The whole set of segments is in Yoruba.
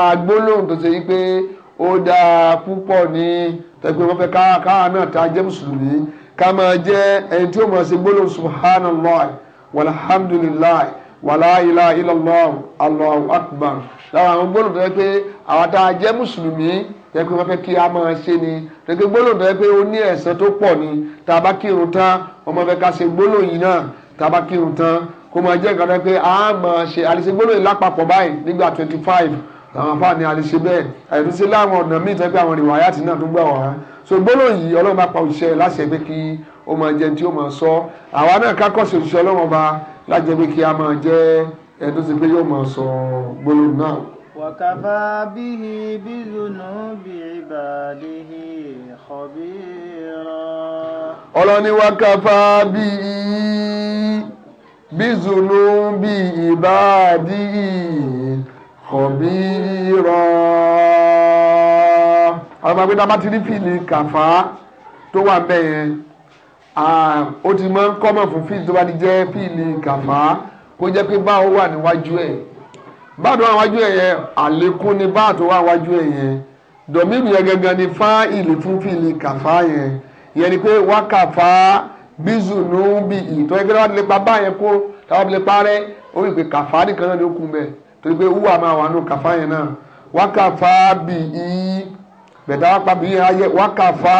agbólóhùn tó ṣe yí pé ó dáa púpọ̀ ní tẹ̀gbẹ́ wọn fẹ́ káà náà ta jẹ́ mùsùlùmí ká máa jẹ́ ẹni tí ó máa ṣe gbólóhùn subhanallah walhamdulillah wàlá ilá ilọ̀lọ́ Allahu akbar lára àwọn gbólóhùn tó yẹ pé àwọn tá a jẹ́ mùsùlùmí yẹ pé wọ́n fẹ́ kí a máa ṣe ni gẹ́gẹ́ gbólóhùn tó yẹ pé ó ní ẹ̀san tó pọ̀ ni tá a bá kírun tán wọ́n máa fẹ́ ká ṣe gbólóhùn yìí náà tá a bá kírun tán kó máa jẹ́ nǹkan tó yẹ pé a twenty five àwọn afáà ní alẹ́ ṣe bẹ́ẹ̀ àyẹ̀tún sí láwọn ọ̀nà míì tẹ́ pé àwọn ìwà àyàtì náà tó gbà wá so gbólóhùn yìí ọlọ́run bá pa òṣìṣẹ́ láṣẹ pé kí ó máa jẹ tí ó máa sọ àwa náà kákọ́sí òṣìṣẹ́ ọlọ́run ọba lájẹ pé kí a máa jẹ ẹni tó ṣe pé yóò máa sọ gbólóhùn náà. wàkàfà bíhi bílùnú bí ìbàdíhi khabira. ọlọ́ni wàkàfà bíhi bízùnú bí ìbàdíhi kọ̀bírọ̀ ọlọ́mọ pé dábàá ti rí fìlì kàfá tó wà ń bẹ̀ yẹn ó ti máa ń kọ́mọ̀ fún fìlì tó bá ti jẹ́ fìlì kàfá kó jẹ́ pé báwo wà níwájú ẹ̀ báà tó wà níwájú ẹ̀ yẹn àlékún ni báà tó wà níwájú ẹ̀ yẹn dọ̀míìrù yẹn gangan ni fáìlì fún fìlì kàfá yẹn yẹn ni pé wákàfá bízùnú bí ìtọ́ ẹgbẹ́ wa lè pa báyẹn kó táwọn lè parẹ́ ó rí i pé kàfá nìkan náà ni ó bẹ́ẹ̀ torí pé wúwà máa wà nù kàfá yẹn náà wákàfá bì í bẹ̀dá wákà bí ayẹ wákàfá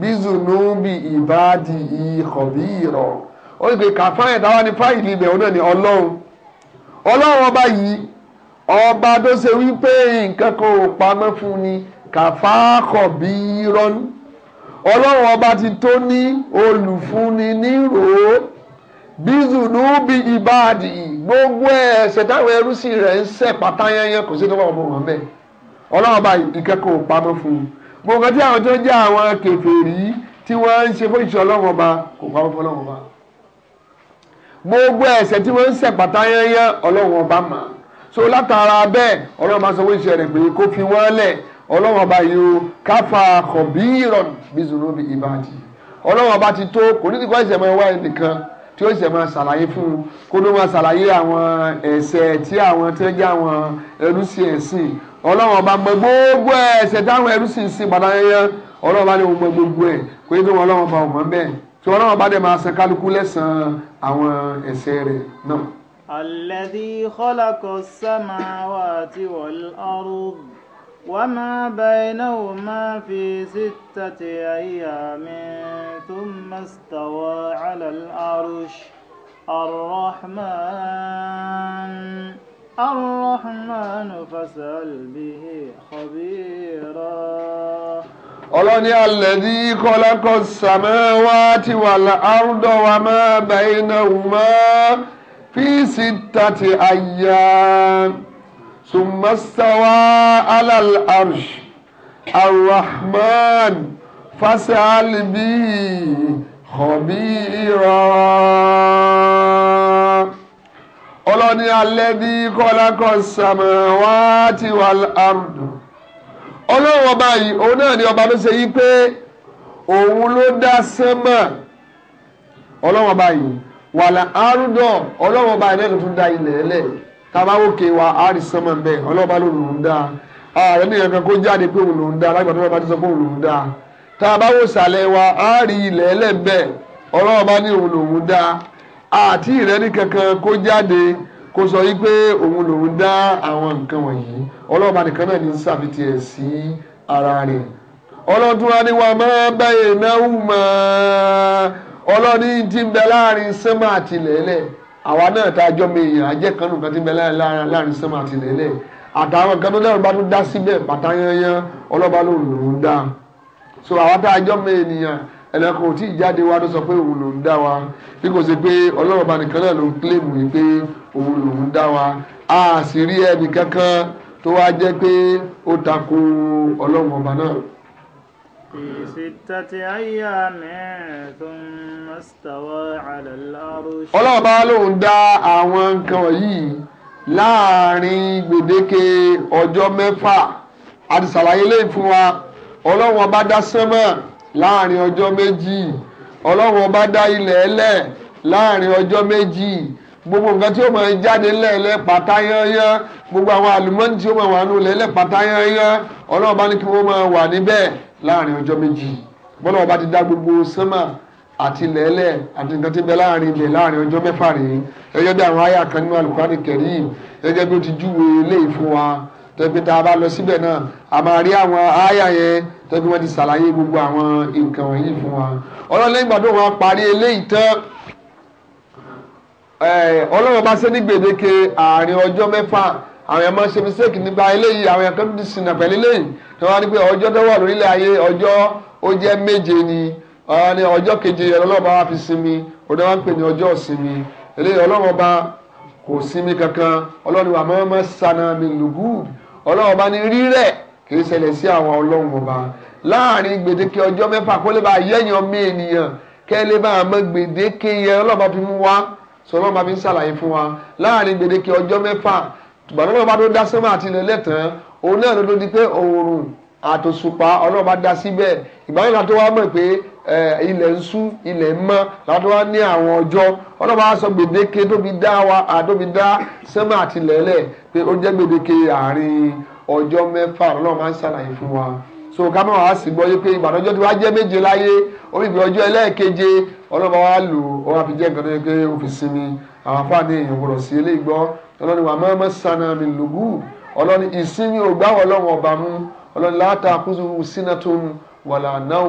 bí zùnú bí ìbáàdì ìkọ̀bí ìrọ̀ ó sì pé kàfá yẹn táwa ní fáìlì ibẹ̀ ó náà ní ọlọ́run ọlọ́run ọba yìí ọba tó ṣe wípé nǹkan kan ò pamọ́ fún ni kàfá kọ̀bí rọ́nù ọlọ́run ọba ti tó ní olùfúnni níròó bízùnú bí ìbáàdì gbogbo ẹ̀ṣẹ̀ táwọn ẹrú sí rẹ̀ ń ṣẹ̀ pátá yẹnyẹn kò sí tó wà wọn bẹ́ẹ̀ ọlọ́run bá ìkẹ́kọ̀ọ́ pamọ́ fún un gbogbo kan tí àwọn tó jẹ́ àwọn kèfèrí tí wọ́n ń ṣe fún ìṣọ́ ọlọ́run kò pamọ́ fún ọlọ́run ọba gbogbo ẹ̀ṣẹ̀ tí wọ́n ń ṣẹ̀ pátá yẹnyẹn ọlọ́run ọba mà so látara bẹ́ẹ̀ ọlọ́run bá sọ fún ìṣẹ́ rẹ̀ pé kó fi wọ́n lẹ̀ ọlọ́run ọba yìí o káfà kọ̀bí ìrọ̀n bízùnú bí ìbáàdì tí ó sì máa ṣàlàyé fún un kó ló máa ṣàlàyé àwọn ẹ̀ṣẹ̀ tí àwọn tí wọ́n jẹ́ àwọn ẹrúsìn ẹ̀sìn ọlọ́run ọba mọ gbogbo ẹ̀ṣẹ̀ táwọn ẹrúsìn sìn padà yẹn ọba ni mo mọ gbogbo ẹ̀ kó yẹ kí wọ́n ọlọ́run ọba ọmọ bẹ́ẹ̀ tí ọlọ́run ọba dẹ̀ máa san kálukú lẹ́sàn àwọn ẹ̀ṣẹ̀ rẹ̀ náà. alladhi khalaqa as-samawati wal-ard وما بينهما في ستة أيام ثم استوى على الأرش الرحمن الرحمن فاسأل به خبيرا ọlọ́ni àlẹ́dí kọ́lákọ́ sàmáwáti wà láàrúdọ̀ wà máa bàyìnà wùmá fi sittati ayyam. ثم استوى على العرش الرحمن فاسأل به خبيرا ọlọ́ni alladhi khalaqa samawati wal ard ọlọ́run ọba yìí òun náà ni ọba ló ṣe yí pé òun ló dá sánmà ọlọ́run ọba yìí wal ard ọlọ́run ọba yìí lẹ́nu tó dá ilẹ̀ ẹlẹ́yìí tabawókè wa àárí sánmà ń bẹ ọlọ́ba ló lòún dáa ààrẹ nìyẹn kan kó jáde pé òun lòún dáa lágbàdo ọlọ́ba ti sọ pé òun lòún dáa tabawo sàlẹ̀ wa àárí ilẹ̀ ẹlẹ́bẹ̀ ọlọ́ba ní òun lòún dáa àti ìrẹ́ni kankan kó jáde kó sọ yí pé òun àwọn nǹkan wọ̀nyí ọlọ́ba nìkan náà ní sàfitì ẹ̀ sí ara rẹ̀ ọlọ́dún wa ni wà máa bẹ́ẹ̀ náà wù mọ́ ọlọ́ni ti bẹ láàrin sẹ́mà àtìlẹ́lẹ̀ àwa náà tá a jọ mi èèyàn ajẹ́ kan nù kan ti bẹ láàrin sánmà àti lẹ́lẹ̀ àtàwọn kan tó dẹ́rù bá tún dá síbẹ̀ bàtà yanyan ọlọ́ba ló lò ń dá so àwa tá a jọ mi ènìyàn ẹlẹ́kùn tí ìjáde wa tó sọ pé òun ló ń dá wa bí kò sí pé ọlọ́run nìkan náà ló ń kílèmù yìí pé òun ló ń dá wa a sì rí ẹnì kankan tó wá jẹ́ pé ó takò ọlọ́run ọba náà. في ستة أيام ثم استوى على العرش Ọlọ́run bá lóun dá àwọn nǹkan wọ̀nyí láàrin gbèdéke ọjọ́ mẹ́fà àti ṣàlàyé léyìí fún wa Ọlọ́run ọba dá sánmọ̀ láàrin ọjọ́ méjì Ọlọ́run ọba dá ilẹ̀ ẹlẹ̀ láàrin ọjọ́ méjì gbogbo nǹkan tí ó máa jáde lẹ́ẹ̀lẹ́ pátáyányán gbogbo àwọn àlùmọ́ọ́nì tí ó máa wà nù lẹ́ẹ̀lẹ́ pátáyányán Ọlọ́run bá ní kí wọ́n máa wà níbẹ̀ láàrin ọjọ́ méjì bọ́lá ọba ti dá gbogbo sánmà àti lẹ́lẹ̀ àti nǹkan tí ń bẹ láàrin ilẹ̀ láàrin ọjọ́ mẹ́fà rèé gẹ́gẹ́ bí àwọn àyà kan nínú Al-Qur'ani Karim gẹ́gẹ́ bí ó ti júwe eléyìí fún wa tẹ́gbẹ́ tá a bá lọ síbẹ̀ náà a máa rí àwọn àyà yẹn tẹ́gbẹ́ wọ́n ti ṣàlàyé gbogbo àwọn nǹkan wọ̀nyí fún wa ọlọ́lẹ́yìn gbàdúrà wọn parí eléyìí tán ọlọ́run bá ṣe ní gbèdéke àárín ọjọ́ mẹ́fà àwọn ẹ̀mọ́ ṣe mistake nígbà eléyìí àwọn ẹ̀kọ́ tí wọ́n ní pé ọjọ́ tó wà lórílẹ̀ ayé ọjọ́ ó jẹ́ méje ni ọ̀rọ̀ ni ọjọ́ keje ọlọ́run bá wá fi sinmi òun náà wọ́n ń pè ní ọjọ́ ìsinmi eléyìí ọlọ́run bá kò sinmi kankan ọlọ́run wà mọ́mọ́ sanami lùgùd ọlọ́run bá ní rírẹ̀ kì í ṣẹlẹ̀ sí àwọn ọlọ́run ọba láàrin gbèdéke ọjọ́ mẹ́fà kó lè bá yẹ̀yàn mí ènìyàn kẹ́ lè bá àmọ́ gbèdéke yẹn ọlọ́run fi mú wá sọlọ́run bá fi ń ṣàlàyé fún wa láàrin gbèdéke ọjọ́ mẹ́fà tùbàdàn òun náà ló tó di pé òòrùn àtòṣùpá ọlọ́run bá dá síbẹ̀ ìgbàlẹ́ náà tó wá mọ̀ pé ilẹ̀ ń sú ilẹ̀ ń mọ́ láti wá ní àwọn ọjọ́ ọlọ́run bá sọ gbèdéke tó fi dá wa tó fi dá sẹ́mà àti lẹ́lẹ̀ pé ó jẹ́ gbèdéke àárín ọjọ́ mẹ́fà ọlọ́run máa ń ṣàlàyé fún wa so ká má wàá sì gbọ́ yé pé ìbàdàn ọjọ́ tí wàá jẹ́ méje láyé ó fi ọjọ́ ẹlẹ́ẹ̀keje ọlọ́run bá wàá lò ó wàá fi jẹ́ nǹkan tó pé ó fi sinmi àwọn afáàní èèyàn gbọ́dọ̀ sí eléyìí gbọ́ ọlọ́run wàá mọ́ mọ́ sànà mi lùgùn ọlọ́ni ìsinmi ò gbáwọ̀ ọlọ́run ọba mú ọlọ́ni látàkùsù sínà tó ń wàlà náà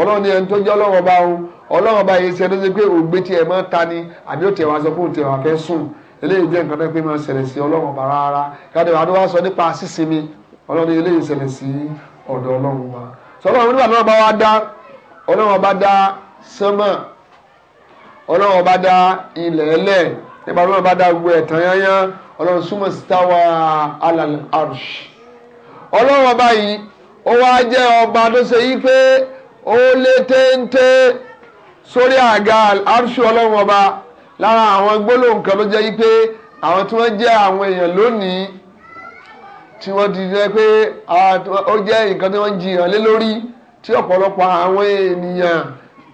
ọlọ́ni ẹni tó jẹ́ ọlọ́run ọba o ọlọ́run ọba yìí ṣe lóṣè pé ògbé tiẹ̀ máa ta ni àbí ó tiẹ̀ wá sọ fún tiẹ̀ wá fẹ́ sùn eléyìí jẹ́ nǹkan tó pé máa ṣẹlẹ̀ sí ọlọ́run ọba rárá káde wàá wá sọ nípa sísinmi ọlọ́ni eléyìí ṣẹlẹ̀ sí ọ̀dọ̀ ọlọ́run ọba sọlá ọlọ́run súnmọ́ sítáwà alal arsh ọlọ́run ọba yìí ó wá jẹ́ ọba tó ṣe yí pé ó lé téńté sórí àga arṣu ọlọ́run ọba lára àwọn gbólóhùn kan ló jẹ́ yí pé àwọn tí wọ́n jẹ́ àwọn èèyàn lónìí tí wọ́n ti jẹ́ pé ó jẹ́ nǹkan tí wọ́n jiyàn lé lórí tí ọ̀pọ̀lọpọ̀ àwọn ènìyàn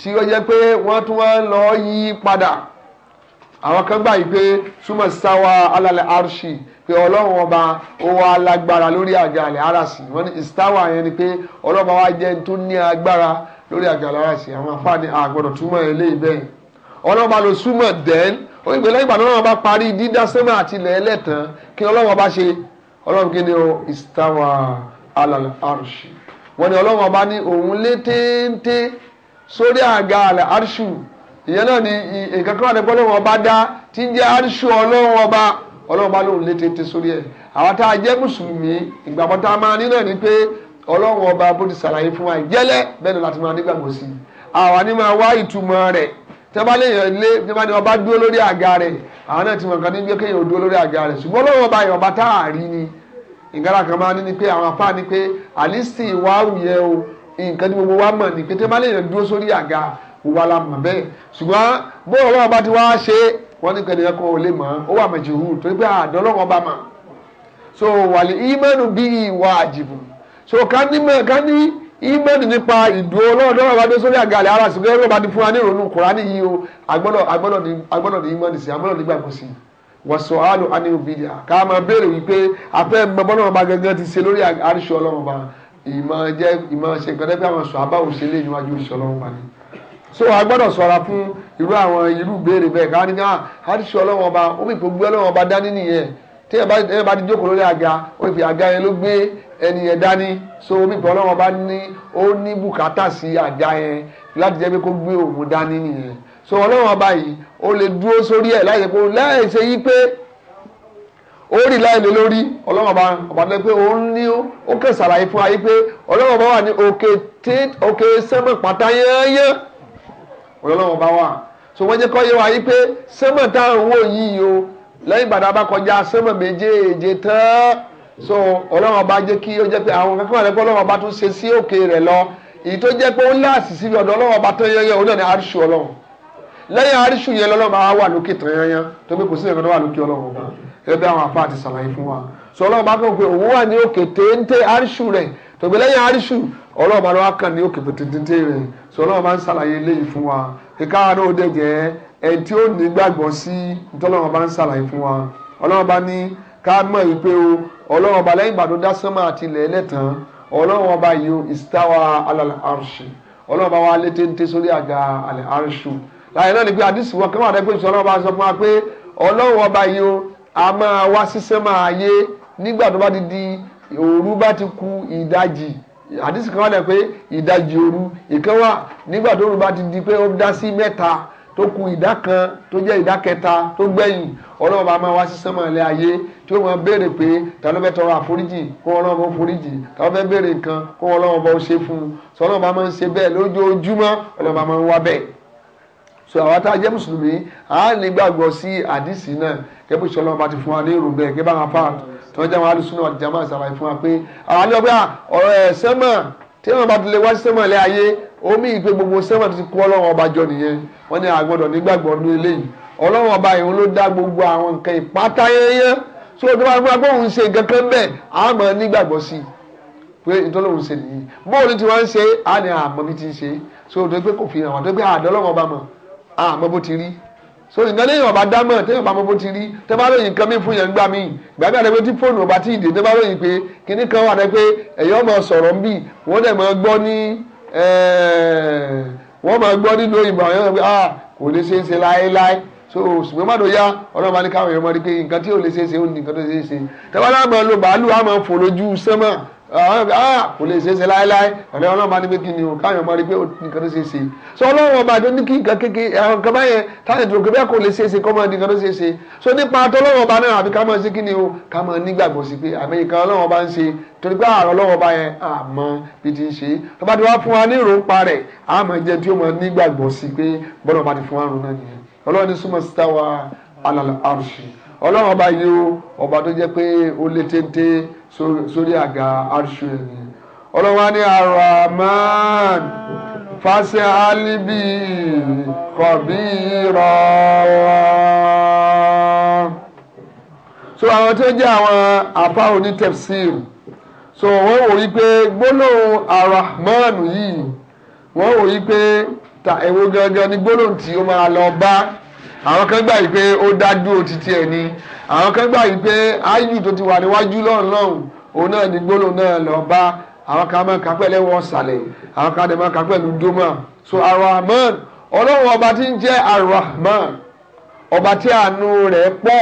tí ó jẹ́ pé wọ́n tún wá lọ yí padà àwọn kan gbà yìí pé súnmọ́ sáwà alálẹ̀ arṣì pé ọlọ́run ọba ó wá lágbára lórí àga àlẹ́ arásì wọ́n ní ìstáwà yẹn ni pé ọlọ́ba wa jẹ́ tó ní agbára lórí àga àlẹ́ arásì àwọn afáàní àgbọ̀dọ̀ túmọ̀ eléyìí bẹ́ẹ̀ ọlọ́ba ló súnmọ̀ dẹ́n ó ní pé lẹ́yìn ìgbà náà bá parí dídá sẹ́mà àti ilẹ̀ ẹlẹ́tàn kí ọlọ́run ọba ṣe ọlọ́run kí ni ó ìstáwà alálẹ̀ arṣì wọ́n ní ọlọ́run ọba ní òun lé téńté sórí àga àlẹ́ ìyẹn náà ni nǹkan kan ní bọ́lọ́wọ́ ọba dá tí ń jẹ́ àríṣù ọlọ́run ọba ọlọ́run bá lóun létete sórí ẹ̀ àwọn tá a jẹ́ mùsùlùmí ìgbàgbọ́ tá a máa ní náà ni pé ọlọ́run ọba bó ti ṣàlàyé fún wa ìjẹ́lẹ̀ bẹ́ẹ̀ ni láti máa nígbàgbọ́ sí i àwa ni máa wá ìtumọ̀ rẹ̀ tẹ́ bá léèyàn lé tẹ́ bá ní ọba dúró lórí àga rẹ̀ àwọn náà ti mọ̀ nǹkan ní gbé kéèyàn dúró lórí àga rẹ̀ ṣùgbọ́n ọlọ́run ọba yẹn ọba tá a rí ni ìgbàlá kan máa ní ni pé àwọn afá ni pé àlìsí ìwà àwùyẹ o nǹkan tí gbogbo wa mọ̀ ni pé tẹ́ bá léèyàn dúró sórí àga wà lámà bẹ́ẹ̀ ṣùgbọ́n bóyá ọlọ́run bá ti wá ṣe wọ́n ní kẹ́ni ẹ̀kọ́ olè mọ́ ó wà méjì hù torí pé àdánlọ́wọ́ bá mà so wàlẹ̀ ìmọ̀nù bí ìwà àjìbù so ká ní ìmọ̀nù nípa ìdúró lọ́dọ̀ ọ̀rọ̀ bá dé sórí àgàlẹ̀ ara ṣùgbọ́n ọlọ́run bá ti fún wa ní ìrònú kùránì yìí o agbọ́dọ̀ ní ìmọ̀nù sí agbọ́dọ̀ ní ìgbàgbọ́ sí i wọ̀sọ̀hálù aníhùbíyà ká máa béèrè wípé afẹ́ mọ́bọ́nà ọba gangan ti ṣe lórí àríṣọ ọlọ́run ọba ìmọ̀ jẹ́ ìmọ̀ ṣe nǹkan tẹ́gbẹ́ àwọn sọ àbáwò ṣe lé níwájú ìṣọ ọlọ́run so a gbọ́dọ̀ ṣọ́ra fún irú àwọn irú béèrè bẹ́ẹ̀ ká ní ká àdìsí ọlọ́wọ́n ọba ó fi gbogbo ọlọ́wọ́n ọba dání nìyẹn tí ẹ bá ti jókòó lórí àga ó fi àga yẹn ló gbé ẹni yẹn dání so omi ìpè ọlọ́wọ́n ọba ní ó ní bùkátà sí àga yẹn láti jẹ́ pé kó gbé òun dání nìyẹn so ọlọ́wọ́n ọba yìí ó lè dúró sórí ẹ̀ láì pé láì ṣe yí pé ó rí láìlè lórí ọlọ́wọ́n ọba ọba tó pé òun ní ó kẹsàlàyé fún wa pé ọlọ́wọ́n ọba wà ní òkè sẹ́mọ̀ pátá yẹ́yẹ́ ọlọ́run bá wà so wọ́n jẹ́ kọ́ yẹ wá yí pé sẹ́mọ̀ táwọn owó yìí o lẹ́yìn ìgbà a bá kọjá sẹ́mọ̀ méjèèje tán so ọlọ́run bá jẹ́ kí ó jẹ́ pé àwọn kankan rẹ̀ kọ́ ọlọ́run bá tún ṣe sí òkè rẹ̀ lọ èyí tó jẹ́ pé ó láàsì síbi ọ̀dọ̀ ọlọ́run bá tán yẹnyẹn òun náà ni àríṣù ọlọ́run lẹ́yìn àríṣù yẹn lọ́lọ́run bá wà lókè so ọlọ́run bá kọ́ pé òun wà ní òkè téńté ọlọ́run máa lọ́wọ́ kàn ní òkè pètètè rẹ̀ so ọlọ́run máa ń ṣàlàyé eléyìí fún wa ìka àánú òde jẹ́ ẹni tí ó ní gbàgbọ́ sí ntọ́lọ́run bá ń ṣàlàyé fún wa ọlọ́run bá ní ká mọ̀ wípé o ọlọ́run ọba lẹ́yìn ìgbà tó dá sánmà àti ilẹ̀ ẹlẹ́tàn ọlọ́run ọba yìí ìsítáwà alàlẹ́ àrùsì ọlọ́run ọba wa sórí àga àlẹ́ láyé náà ni ku ìdajì àdìsí kan wà lẹ́ pé ìdajì òru ìkan wà nígbà tó òru bá ti di pé ó dá sí mẹ́ta tó kù ìdá kan tó jẹ́ ìdá kẹta tó gbẹ̀yìn ọlọ́run bá máa wá sí sánmọ̀ ilé ayé tí ó máa béèrè pé ta ló tọrọ àforíjì kó ọlọ́run bá foríjì ta ló béèrè nǹkan kó ọlọ́run bá ṣe fún un sọ ọlọ́run bá máa ń ṣe bẹ́ẹ̀ lójoojúmọ́ ọlọ́run bá máa ń wá bẹ́ẹ̀ so àwọn tá a jẹ́ mùsùlùmí à ń lè gbàgbọ́ sí àdìsí náà kẹ́bùsọ̀ ọlọ́run tí wọ́n jẹ́ àwọn alùsùnà ọ̀dì jama ṣàlàyé fún wa pé àwọn alẹ́ ọgbẹ́ ọ̀rọ̀ ẹ̀ sẹ́mọ̀ tí wọ́n bá ti lè wá sí sẹ́mọ̀ ilé ayé omi ìpè gbogbo sẹ́mọ̀ ti kú ọlọ́run ọba jọ nìyẹn wọ́n ní àgbọ̀dọ̀ nígbàgbọ́ ní eléyìí ọlọ́run ọba ìhun ló dá gbogbo àwọn nǹkan ìpátá yẹnyẹn tí o tó bá gbọ́ bóun ṣe nǹkan kan bẹ́ẹ̀ àmọ́ nígbàgbọ́ sí i pé ìtọ́lọ́run ṣe nìyí bóun ti wọ́n ń ṣe á ní àmọ́ bí ti ń ṣe so tó pé kò fi hàn wọ́n tó pé àdọ́lọ́run ọba mọ̀ àmọ́ bó ti rí so nǹkan lẹ́yìn ọba dámọ̀ téèyàn bá mọ́bó ti rí tẹ́ bá lóyìn nǹkan mi fún yẹn gbà mí ìgbà bí àdẹ́gbẹ́ tí fóònù ọba tí ìdè tẹ́ bá lóyìn pé kinní kan wà pé ẹ̀yọ́ mọ̀ sọ̀rọ̀ ń bì wọ́n dẹ̀ mọ̀ gbọ́ ní eh, wọ́n mọ̀ gbọ́ nínú ìmọ̀ àwọn ẹ̀yọ́ pé ah kò lè ṣeé ṣe láéláé so ṣùgbọ́n má lóya ọlọ́run bá ní káwọn èèyàn mọ̀ rí pé nǹkan tí ò lè ṣeé ṣe ó ní nǹkan tó ṣeé ṣe tẹ́ bá láwọn Ah, kò lè ṣeéṣe láéláé ọ̀rẹ́ ọlọ́run bá ní pé kí ni o káyọ̀ máa rí pé nǹkan tó ṣe ṣe so ọlọ́run ọba tó ní kí nǹkan kékeré àwọn nǹkan báyẹn táyà tó kébẹ́ kò lè ṣeéṣe kọ́ máa di nǹkan tó ṣeéṣe so nípa tọ́lọ́run ọba náà àbí ká máa ṣe kí ni o ká máa nígbàgbọ́ sí pé àmì nǹkan ọlọ́run ọba ń ṣe torí pé àrùn ọlọ́run ọba yẹn àmọ́ bí ti ń ṣe tó bá ti wá fún wa ní ìròǹpa rẹ̀ á máa jẹ́ tí ó máa nígbàgbọ́ sí ọlọ́run ọba yìí o ọba tó jẹ́ pé ó lé téńté sórí àga arṣu ẹ̀yìn ọlọ́run wa ní araman fàṣẹ alibi kọ̀bírọ̀ so àwọn tó jẹ́ àwọn àpá onítẹ̀fsir so wọ́n wò yí pé gbólóhùn araman yìí wọ́n wò yí pé ta èwo gangan ni gbólóhùn tí ó máa lọ bá àwọn kan gbà yìí pé ó dájú òtítí ẹ̀ ni àwọn kan gbà yìí pé áyù tó ti wà níwájú lọ́run lọ́run òun náà ní gbólóhùn náà lọ bá àwọn kan máa kà pẹ̀lú ẹ̀wọ̀n àwọn kan máa kà pẹ̀lú dómà so arahman ọlọ́run ọba tí ń jẹ́ arahman ọba tí àánú rẹ̀ pọ̀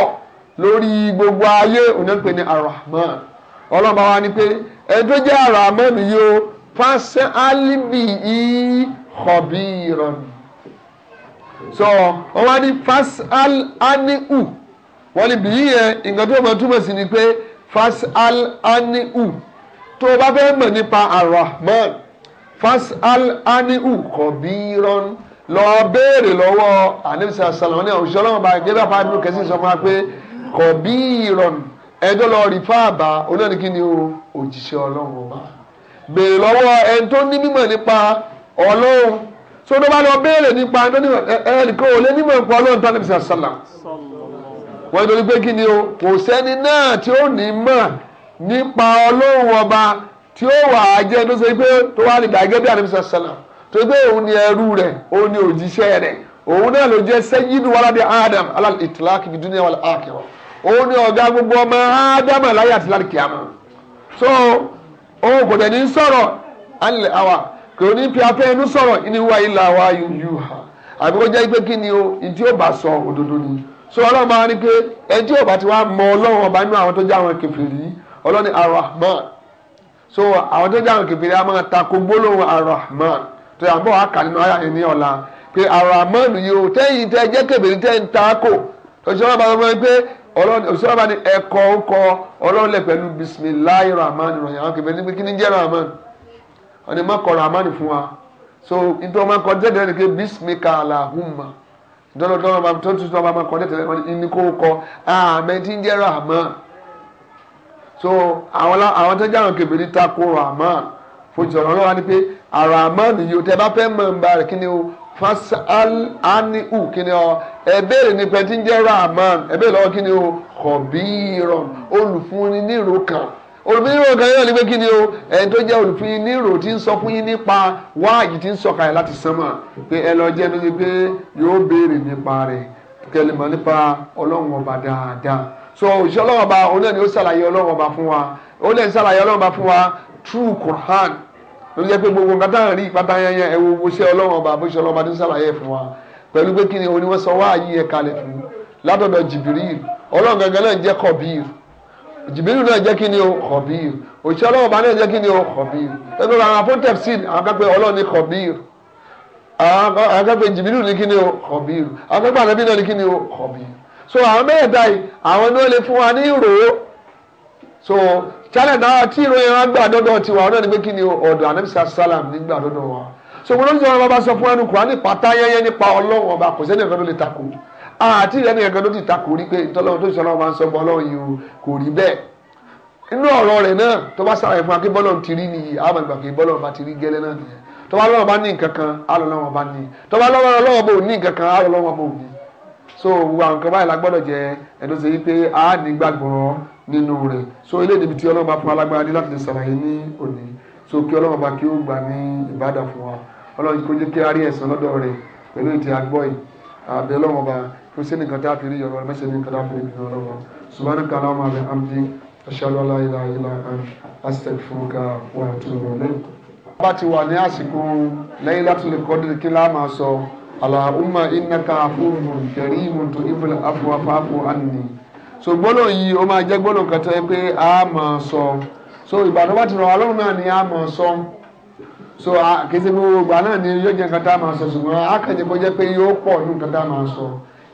lórí gbogbo ayé òun pè ní arahman ọlọ́run bá wa ní pé ẹjọ́ jẹ́ arahman yìí o fásẹ́ alibi yìí kọ̀bí so wọ́n wá ní fasal aniu wọ́n ní bìí yẹn nǹkan tó máa túmọ̀ sí ni pé fasal aniu tó o bá fẹ́ mọ̀ nípa arahman fasal aniu kọ̀bírọ́n lọ béèrè lọ́wọ́ anamisa salama ní òṣìṣẹ́ ọlọ́run bá gẹ́gẹ́ bá mi kẹ́sì sọ fún wa pé kọ̀bírọ́n ẹjọ́ lọ rí fáàbà olóòní kí ni o òjíṣẹ́ ọlọ́run ọba béèrè lọ́wọ́ ẹni tó ní mímọ̀ nípa ọlọ́run so tó bá lọ béèrè nípa ẹnìkan ò lé nímọ̀ nípa ọlọ́run tán nípa sàlám wọ́n nítorí pé kí ni o kò sẹ́ni náà tí ó ní mọ̀ nípa ọlọ́run ọba tí ó wà á jẹ́ tó ṣe pé tó wà nígbà gẹ́gẹ́ bí àníbi sàlám tó pé òun ni ẹrú rẹ̀ òun ni òjíṣẹ́ rẹ̀ òun náà ló jẹ́ sayyidu waladi adam alal itlaq fi dunya wal akhirah òun ni ọ̀gá gbogbo ọmọ adam láyé àti lálẹ́ kìámà so òun kò dẹ̀ ní sọ̀rọ̀ alẹ́ àwa kò ní fi afẹ́ inú sọ̀rọ̀ inú wa ilà wa yù hà àbí kó jẹ́ pé kí ni o ìdí ò bá sọ òdodo ni so ọlọ́run máa ń rí pé ẹjí ò bá ti wá mọ ọlọ́run ọba inú àwọn tó jẹ́ àwọn kèfèrí ọlọ́ni arahman so àwọn tó jẹ́ àwọn kèfèrí a máa tako gbólóhùn arahman tó yà ń bọ̀ wá kà nínú ayà yẹn ní ọ̀la pé arahman yìí o tẹ́yìn tẹ́ jẹ́ kèfèrí tẹ́ ń tako òṣìṣẹ́ ọba sọ pé òṣìṣẹ́ ọba ni ẹ̀kọ́ ń kọ ọlọ́run lẹ̀ pẹ̀lú bismillahir pé rahman wọ́n ní mọ́kọ fún wa so nítorí wọ́n máa ń kọ jẹ́dẹ̀ẹ́ ni pé bísímíkà làhùnmá dọ́dọ̀ tó wọ́n tó tún wọ́n máa ń kọ jẹ́dẹ̀ẹ́ wọ́n ní kó kọ tí ń jẹ́ rahman so àwọn tó jẹ́ àwọn kèbèrè takò rahman fojúsọ ọ̀rọ̀ wa ni pé rahman yìí o tẹ́ bá fẹ́ mọ̀ nípa rẹ̀ kí ni o fasal anihu kí ni ọ ẹ nípa tí ń jẹ́ rahman ẹ lọ́wọ́ kí ni o kọ̀bí ìrọ̀ olùfúnni ní ìró olùfínírò kan yóò ní pé kí ni o ẹni tó jẹ́ olùfínírò ti ń sọ fún yín nípa wáàyí ti ń sọ̀kalẹ̀ láti sánmà pé ẹ lọ jẹ́ ẹni pé yóò béèrè nípa rẹ̀ kẹlẹ̀mọ́ nípa ọlọ́run ọba dáadáa so òṣìṣẹ́ ọlọ́run ọba òun náà ni ó ṣàlàyé ọlọ́run ọba fún wa òun náà ṣàlàyé ọlọ́run ọba fún wa through Quran ló jẹ́ pé gbogbo nǹkan táwọn rí ìpátá yẹn yẹn ẹ wo iṣẹ́ ọlọ́run ọba bó ṣe ọba ti ń ṣàlàyé fún wa pẹ̀lú pé kí ni oníwọ́sọ wáàyí ẹ̀ kalẹ̀ fún látọ̀dọ̀ Jibril ọlọ́run gangan náà jẹ́ kọ̀bíir jìbìrì náà jẹ́ kí ni o kọ̀bíir òṣìṣẹ́ ọlọ́run bá náà jẹ́ kí ni o kọ̀bíir ẹgbẹ́ àwọn afọ́tẹ̀ sí àwọn akẹ́kọ̀ọ́ ọlọ́run ní kọ̀bíir àwọn akẹ́kọ̀ọ́ jìbìrì ní kí ni o kọ̀bíir akẹ́kọ̀ọ́ àlẹ́bí náà ní kí ni o kọ̀bíir so àwọn mẹ́ẹ̀ẹ́dá yìí àwọn ni ó lè fún wa ní ìrò so challenge náà tí ìròyìn wa gbà dọ́dọ̀ tiwa ọ̀dọ́ ni pé kí ni ọ̀dọ̀ anamisa salam nígbà dọ́dọ̀ wa so mo lọ́sọ̀rọ̀ bá sọ fún ẹnu kùránì pátá yẹ́yẹ́ nípa ọlọ́run ọba kò sẹ́ni ẹ̀fẹ́ ló Ah, àti ìrẹ́ni ẹ̀gán ló ti ta kò rí pé ìtọ́lọ́run tó ti sọ́nà máa ń sọ bọ́ ọlọ́run yìí o kò rí bẹ́ẹ̀ inú ọ̀rọ̀ rẹ̀ náà tó bá sàrẹ̀ fún akébọ́ lọ́run ti rí nìyí àwọn àgbà pé bọ́lọ́run bá ti rí gẹ́lẹ́ náà nìyẹn tó bá lọ́run bá ní nǹkan kan àlọ́ lọ́run bá ní tó bá lọ́run lọ́run ní nǹkan kan àlọ́ lọ́run ní. so wo àwọn kan báyìí la gbọ́dọ̀ jẹ ẹ̀dọ́ ṣe yí pé a ní gbàgbọ́ nínú rẹ̀ so ilé ìdèbí tí ọlọ́run bá fún alágbára ní láti sàlàyé ní òní so kí ọlọ́run bá kí ó gbà ní ìbádà fún wa ọlọ́run kó jẹ́ kí a rí ẹ̀san lọ́dọ̀ rẹ̀ pẹ̀lú ìtì àgbọ̀ yìí àbẹ̀ ọlọ́run bá kò sí nìkan tá a fi rí yọrọ mẹsẹ nìkan tá a fi rí yọrọ wọn subahana kala ma bẹ an bí aṣáájú aláìlá ilá an astaghfiruka wa atubu ilayk. bá ti wà ní àsìkò Laylatul Qadr kí lá máa sọ Allahumma innaka afuwwun karimun tuhibbul afwa fa'fu anni. so gbólóhùn yìí ó máa jẹ́ gbólóhùn kan tẹ́ pé a máa sọ so ìbàdàn bá ti rọ̀ wá lọ́rùn ni a máa sọ so kì í gbogbo ìgbà náà ni yóò jẹ́ nǹkan tá a máa sọ ṣùgbọ́n a kàn jẹ́ kó jẹ́ pé yóò pọ̀ ní nǹkan tá a sọ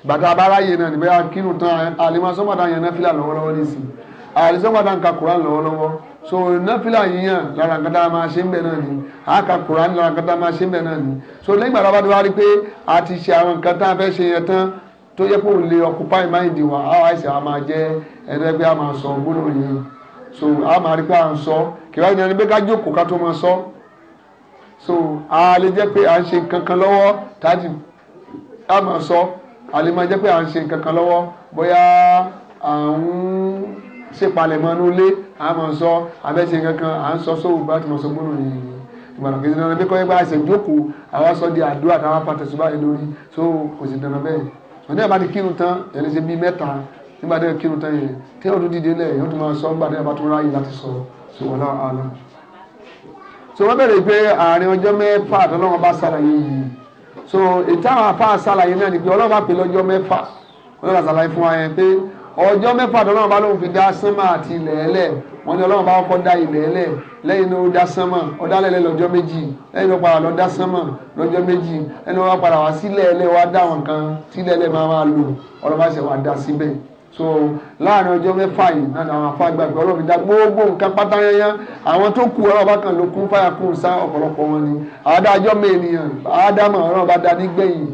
gbàtà abára yẹn náà níbẹ̀ akínú tán àlèmọ́sọ́mọ̀dá yẹn náfìlà lọ́wọ́lọ́wọ́ nísì àlèsọ́mọ̀dá ń ka Quran lọ́wọ́lọ́wọ́ so náfìlà yíyàn lára nǹkan tá a máa ṣe ń bẹ̀ náà ni a ka Quran lára nǹkan tá a máa ṣe ń bẹ̀ náà ni so lẹ́yìn gbàtà bá ti wá rí pé a ti ṣe àwọn nǹkan tá a fẹ́ ṣe yẹn tán tó yẹ kó lè occupy mind wa a wá ṣe a máa jẹ ẹ̀ẹ́dẹ́gbẹ́ a máa sọ gbólóhùn yẹn so a máa rí pé à ń sọ kìlá ìyẹn ni pé ká jókòó ká tó máa sọ so a lè jẹ́ pé à ń ṣe nǹkan kan tá a ti a máa sọ a lè máa jẹ́ pé à ń ṣe nǹkan kan lọ́wọ́ bóyá à ń ṣèpalẹ̀mọ́ inú ilé à máa sọ abẹ́sẹ̀ nǹkan kan à ń sọ sóhùn bá ti mọ̀ sọ gbóná yìí ìgbàlọ̀ kìí dandan bí kọ́yẹ́ bá ẹsẹ̀ jókòó àwa sọ di àdúrà táwa pàtẹ sùn báyìí lórí tó kò sì dandan bẹ́ẹ̀ òní àbá ti kírun tán ẹni ṣe bíi mẹ́ta nígbà tí kírun tán yẹn tí ọdún dídé lẹ̀ yóò tún máa sọ nígbà tí a bá tún ráyè láti sọ sọ̀rọ̀ náà àlọ́. sọ wọ́n bẹ̀rẹ̀ pé àárín ọjọ́ mẹ́fà àtọ́lọ́wọ́n bá sára yìí so ìtàwọn afáà ṣàlàyé náà ni pé ọlọ́run bá pè lọ́jọ́ mẹ́fà ọlọ́run bá fún wa yẹn pé ọjọ́ mẹ́fà tọ́lọ́run bá lóun fi dá sánmà àti ilẹ̀ ẹlẹ̀ wọ́n ní ọlọ́run bá kọ́kọ́ dá ilẹ̀ ẹlẹ̀ lẹ́yìn ló dá sánmà ọ̀dálẹ̀lẹ̀ lọ́jọ́ méjì lẹ́yìn ló padà lọ dá sánmà lọ́jọ́ méjì lẹ́yìn ló padà wá sílẹ̀ ẹlẹ̀ wá dá àwọn kan sílẹ̀ ẹlẹ̀ máa máa lò ọlọ́run bá ṣe wá dá síbẹ̀ so láàrin ọjọ́ mẹ́fà yìí náà àwọn afágbàgbé ọlọ́run dá gbogbo nǹkan pátáyányá àwọn tó kù ọlọ́run bá kan ló kún fáyà kún sá ọ̀pọ̀lọpọ̀ wọn ni àádájọ́ mi ènìyàn àádámọ̀ ọlọ́run bá dá nígbẹ̀yìn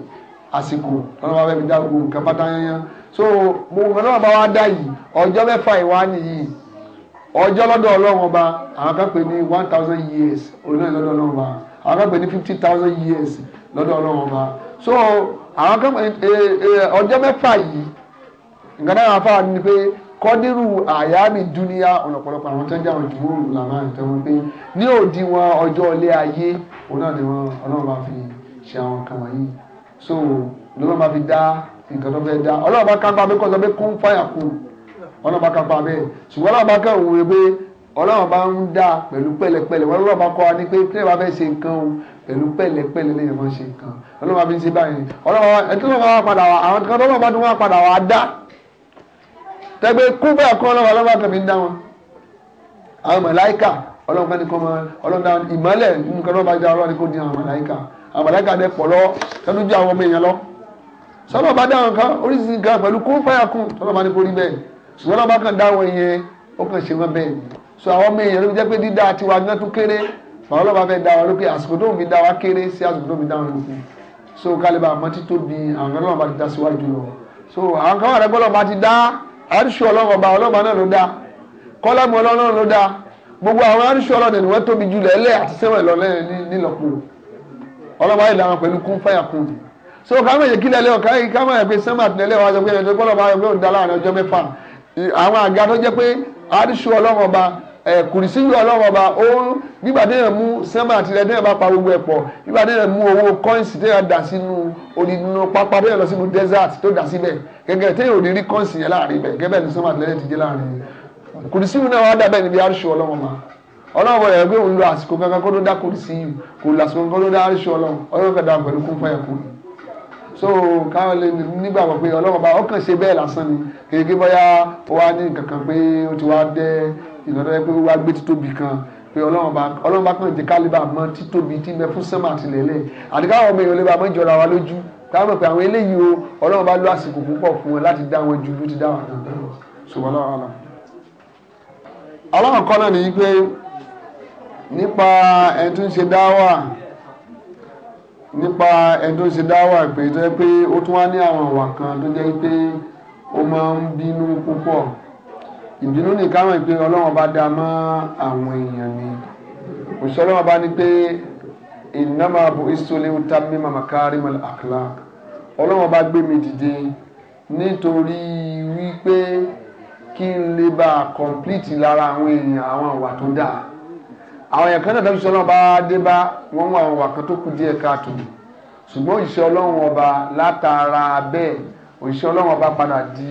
àsìkò ọlọ́run bá fẹ́ fi dá gbogbo nǹkan pátáyányá so gbogbo ọlọ́run bá wá dá yìí ọjọ́ mẹ́fà yìí wá nìyí ọjọ́ lọ́dọ̀ ọlọ́run ọba àwọn kan pè ní one thousand years olóyìn lọ́dọ̀ ọlọ́run ọba àwọn kan pè ní fifty thousand years lọ́dọ̀ ọlọ́run ọba so àwọn kan pè ní eh, eh, ọjọ́ mẹ́fà yìí nǹkan náà wàá fáwọn ni pé kọ́dírù àyàmì dúníyà ọ̀nà ọ̀pọ̀lọpọ̀ àwọn tó ń jáwọ́ ìdúró làmá ìtọ́ wọn pé ní òdiwọ̀n ọjọ́ ilé ayé òun náà ni wọn ọlọ́run máa fi ṣe àwọn nǹkan wọ̀nyí so lọ́wọ́ máa fi dá nǹkan tó fẹ́ dá ọlọ́run bá kápá bẹ́ẹ̀ kọ́ sọ pé kún fáyà kù ọlọ́run bá kápá bẹ́ẹ̀ ṣùgbọ́n ọlọ́run bá kàn wọ́n pé ọlọ́run bá ń dá pẹ̀lú pẹ̀lẹ́pẹ̀lẹ́ wọn lọ́wọ́ bá kọ́ wa ní pé tí ẹ bá fẹ́ ṣe nǹkan o pẹ̀lú pẹ̀lẹ́pẹ̀lẹ́ lẹ́yìn wọn ṣe nǹkan ọlọ́run bá fi ń ṣe báyìí ọlọ́run ẹ̀ tí wọ́n bá padà wá àwọn kan wọ́n bá wá padà wá dá tẹ́gbẹ́ kúbà kọ́ ọlọ́wọ́ ọlọ́wọ́ àtàmì ń dá wọn àwọn màláíkà ọlọ́wọ́ ní kọ́ máa ọlọ́wọ́ dá ìmọ́lẹ̀ nǹkan náà bá dá ọlọ́wọ́ ní kó di àwọn màláíkà àwọn màláíkà dẹ pọ̀ lọ tẹ́lú jẹ́ àwọn ọmọ èèyàn lọ sọlọ bá dá wọn kan oríṣiríṣi nǹkan pẹ̀lú kó fáyà kún sọlọ bá ní kó rí bẹ́ẹ̀ ṣùgbọ́n lọ́ba kan dá wọn yẹn ó kàn ṣe wọn bẹ́ẹ̀ so àwọn ọmọ èèyàn ló fi jẹ́ pé dídá tiwa gan tún kéré bàbá lọ́ba dá wa lókè àsìkò tó ń fi dá wa kéré sí àsìkò tó ń fi dá wa lókè so kálíbà àmọ́ títóbi àwọn ọlọ́run bá ti dá síwájú lọ so àwọn kan wà rẹ́gbọ́lọ́ bá ti dá àríṣù ọlọ́run ọba ọlọ́ba náà ló dá kọ́lámù ọlọ́run ló dá gbogbo àwọn àríṣù ọlọ́run ni wọ́n tóbi jù lẹ́lẹ́ àti sẹ́wọ̀n ìlọlẹ́ nílọ́kulò ọlọ́ba yìí làwọn pẹ̀lú kún fáyà kún un so káwọn èyí kílẹ̀ lẹ́wọ̀ káyì káwọn èyí pé sẹ́mà tẹ̀lé wa sọ pé ẹ̀jẹ̀ gbọ́dọ̀ba ẹgbẹ́ òǹda láàrin ọjọ́ mẹ́fà àwọn àga tó jẹ́ pé àríṣù ọlọ́run ọba kùrìsíyù ọlọ́run ọba òun nígbà téèyàn mú sẹ́mà tilẹ̀ téèyàn bá pa gbogbo ẹ̀ pọ̀ nígbà téèyàn mú owó kọ́ìnsì téèyàn dà sínú onínú pápá bẹ́ẹ̀ lọ sínú desert tó dà síbẹ̀ gẹ́gẹ́ téèyàn ò ní rí kọ́ǹsì yẹn láàrin bẹ̀ gẹ́gẹ́ bẹ́ẹ̀ ni sọ́mà tẹ́lẹ̀ ti jẹ́ láàrin kùrìsíwù náà wá dàbẹ̀ níbi àrùsù ọlọ́run ma ọlọ́run bọ̀dọ̀ ẹgbẹ́ òun lo àsìkò kankan kó tó dá kùrìsíwù kò lásìkò kankan tó dá àrùsù ọlọ́run ọlọ́run kan dà pẹ̀lú kún fún ẹ̀kú so káwọn lè nígbàgbọ́ pé ọlọ́run bá ọkàn ṣe bẹ́ẹ̀ lásán ni kéèké bọ́yá ó wá ní nǹkan kan pé ó ti wá dẹ́ ìlọ́dọ̀ pé ó wá gbé títóbi pé ọlọ́run bá kàn jẹ́ kálíbà mọ títóbi tí mẹ fún sẹ́mà àti lẹ́lẹ̀ àti káwọn ọmọ èèyàn lè bá mọ́ jọra wa lójú káwọn mọ̀ pé àwọn eléyìí o ọlọ́run bá lo àsìkò púpọ̀ fún wọn láti dá wọn ju bí ó ti dá wọn kan ṣùgbọ́n ọlọ́run ọlọ́run. ọlọ́run kọ́ náà nìyí pé nípa ẹni tó ń ṣe dáwà nípa ẹni tó ń ṣe dáwà pé tó yẹ pé ó tún wá ní àwọn ìwà kan tó jẹ́ pé ó máa ń bínú púpọ̀ ìbínú nìkan mọ̀ pé ọlọ́run bá dá mọ́ àwọn èèyàn ni òṣìṣẹ́ ọlọ́run bá ní pé ìnáma bu ìsọlẹ̀ ta mímọ makari mọ àkàlà ọlọ́run bá gbé mi dìde nítorí wípé kí n lè bá a kọ̀m̀plìtì lára àwọn èèyàn àwọn àwà tó dáa àwọn èèyàn kan náà dábìsọ ọlọ́run bá dé bá wọ́n mú àwọn àwà kan tó kù díẹ̀ káàtó ṣùgbọ́n òṣìṣẹ́ ọlọ́run ọba látara bẹ́ẹ̀ òṣìṣẹ́ ọlọ́run ọba padà di